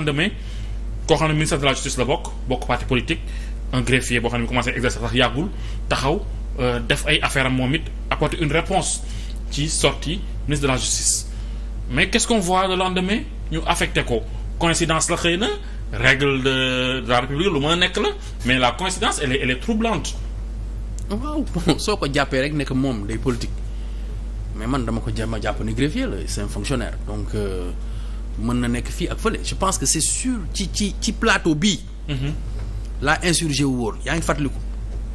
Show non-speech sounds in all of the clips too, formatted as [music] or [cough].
lendemain koo xam ne ministre de la justice la bokk bokk parti politique un greffier boo xam ne commencé exercer sax yàggul taxaw euh, def ay affaire moom it apporter une réponse ci sortie ministre de la justice mais qu'est-ce qu'on voit le lendemain ñu affecté ko coïncidence la xëy na règle de la république lu mën nekk la mais la coïncidence elle est elle est troublante waaw [laughs] soo ko jàppee rek nekk moom day politique mais man dama ko jëm a greffier la mën na nekk fii ak fële je pense que c'est sûr ci ci ci plateau bi mhm. la insurgé wu woon yaa ngi fàttaliku.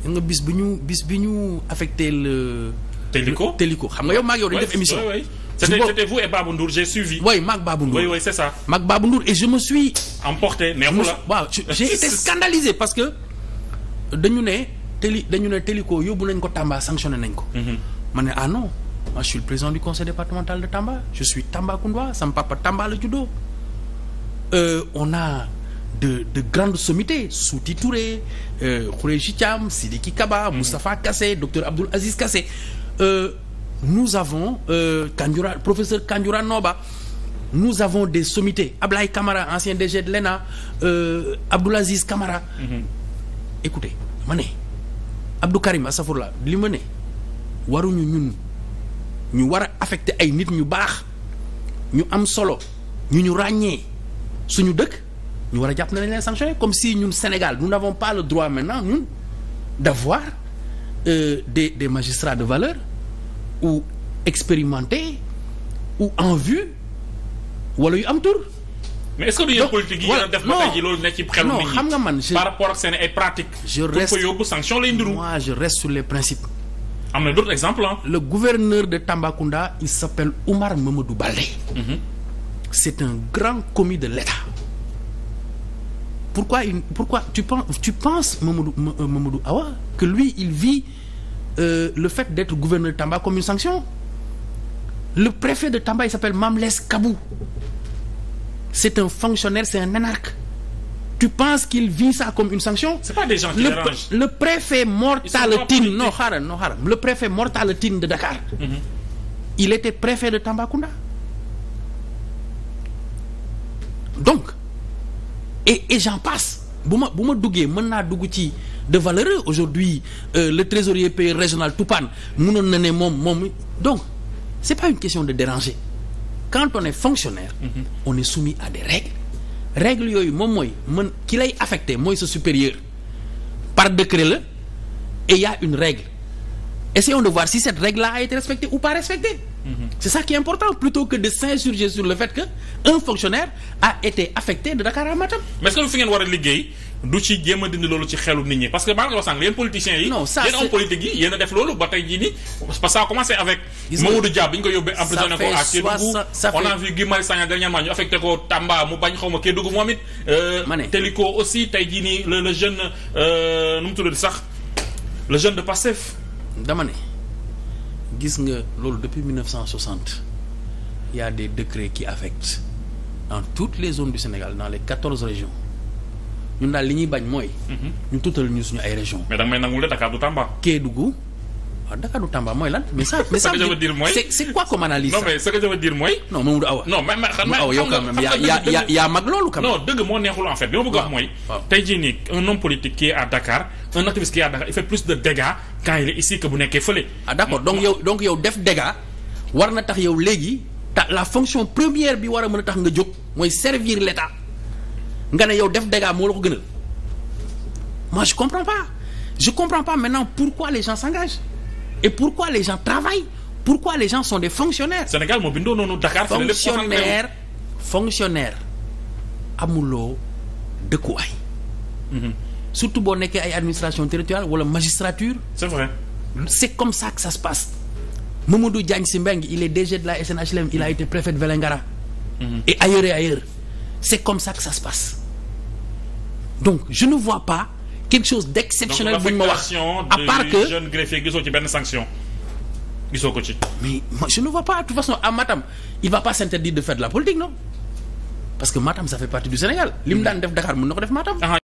yaa nga bis bi ñu bis bi ñu affecté le. Téliko Téliko xam nga yow maag yow dañu def émission. C'était, c'était vous et Babou Ndour j'ai suivi. oui maag Babou Ndour oui oui c'est ça. et je me suis. waaw j'ai été [laughs] scandalisé parce que dañu ne Téli dañu ne Téliko yóbbu nañ ko Tamba sanctionné nañ ko. Mhm. ma ne ah non. moi ah, je suis le président du conseil départemental de Tamba je suis Tambacounda sama papa Tamba la juddoo euh, on a de de grandes sommités Souti Touré euh, Khoureyssi Thiam Sidiki Kaba hmm. Moustapha Kassé docteur Abdoul Aziz Kassé euh, nous avons euh, Kandioura professeur Kandioura Noba nous avons des sommités Ablaye Camara ancien DG de l'ENA euh, Abdoul Aziz Camara hmm. écoutez ma ne Karim Assafourla li ma ne waruñu ñun ñu war a affecté ay nit ñu baax ñu am solo ñu ñu ràññee suñu dëkk ñu war a jàpp ne dañ leen sanctionné comme si ñun Sénégal nous n'avons pas le droit maintenant ñun d'avoir euh, des des magistrats de valeur ou expérimentés ou en vue wala yu am tur. mais est-ce yi def ba tey jii loolu nekk ci xelu nit ñi xam nga man je par rapport ak seen ay pratiques. je reste pour ko sanction lay ndiru. je reste sur les principes. am na d'autres exemples hein? le gouverneur de Tambacounda il s'appelle Oumar Mamadou Baldé mm c'est un grand commis de l'État pourquoi il pourquoi tu penses tu penses Mamadou euh, Mamadou Awa que lui il vit euh, le fait d'être gouverneur de Tamba comme une sanction le préfet de Tamba il s'appelle Mamles Kabou c'est un fonctionnaire c'est un anarque tu penses qu'il vit ça comme une sanction le, dérangent. le préfet Mortaletine non xaaral non le préfet Mortaletine de Dakar mm -hmm. il était préfet de Tambacounda donc et j'en passe bu ma bu ma duggee mën naa dugg ci de valeureux aujourd'hui euh, le trésorier pays régional Toupane mënoon na ne moom moom donc c'est pas une question de déranger quand on est fonctionnaire mhm. on est soumis à des règles règle yooyu moom mooy man ki lay affecté mooy sa supérieur par décret la et y a une règle essayons de voir si cette règle là a été respectée ou pas respectée Mm-hmm. c'est ça qui est important plutôt que de s'insurger sur le fait que un fonctionnaire a été affecté de Dakar à Matam. mais est-ce fi ngeen war a liggéey du ci jéem a dindi loolu ci xelu nit ñi parce que maa ngi wax sànq yéen politiciens yi. non ça yéen hommes politiques yi yéen a def loolu ba tey jii nii parce que ça a commencé avec. gis nga Mamadou bi ñu ko yóbbee emprisonné ko à Kédougou on a vu Guy Marius Sagna dernièrement ñu affecté ko Tamba mu bañ xaw ma Kédougou moom it. Euh, ma aussi tey jii nii le le jeune euh, mu tuddati sax le jeune de Pastef. dama ne. gis nga loolu depuis 1960 il y a des décrets qui affectent dans toutes les zones du Sénégal dans les quatorze régions ñun daal li ñuy bañ mooy. Mhm. ñu tuutal ñu suñu ay régions. mais da may nangu ne du Tamba. Kédougou waaw Dakar du Tamba mooy lan. mais ça mais ça ce que mooy c'est c'est quoi comme analyse. non mais ce que je veux dire mooy. non Awa. non mais man oh, xam nga yow quand même yaa yaa yaa mag loolu. quand même non dëgg moo neexul en fait. li ma bëgg a wax mooy. tey jii nii un homme politique qui est Dakar un activiste qui est Dakar il fait plus de dégâts quand il est ici que bu nekkee fële. Ah, d'accord donc yow def dégâts war na tax yow léegi ta la fonction première bi war a mën a tax nga jóg mooy servir l'État nga ne yow def dégâts moo la ko et pourquoi les gens travaillent pourquoi les gens sont des fonctionnaires. Sénégal moo bindoo noonu Dakar. fonctionnaire fonctionnaire amuloo dëkkuwaay. Mhm. surtout boo nekkee ay administration territoriale wala magistrature. c'est vrai. c'est comme ça que ça se passe. Mamadou Diagne Sy Mbengue il est DG de la SNHLM il a mhm. été préfet de mhm. et ailleurs et ailleurs. c'est comme ça que ça se passe. donc je ne vois pas. quelque chose d'exceptionnel bu ñu ma wax à part que jeune greffier gisoo sanction gisoo ko ci. mais moi, je ne vois pas de toute façon à Matam il va pas s'interdire de faire de la politique non parce que Matam ça fait partie du Sénégal. li mu mm. daan def Dakar mën na ko Matam. Ah,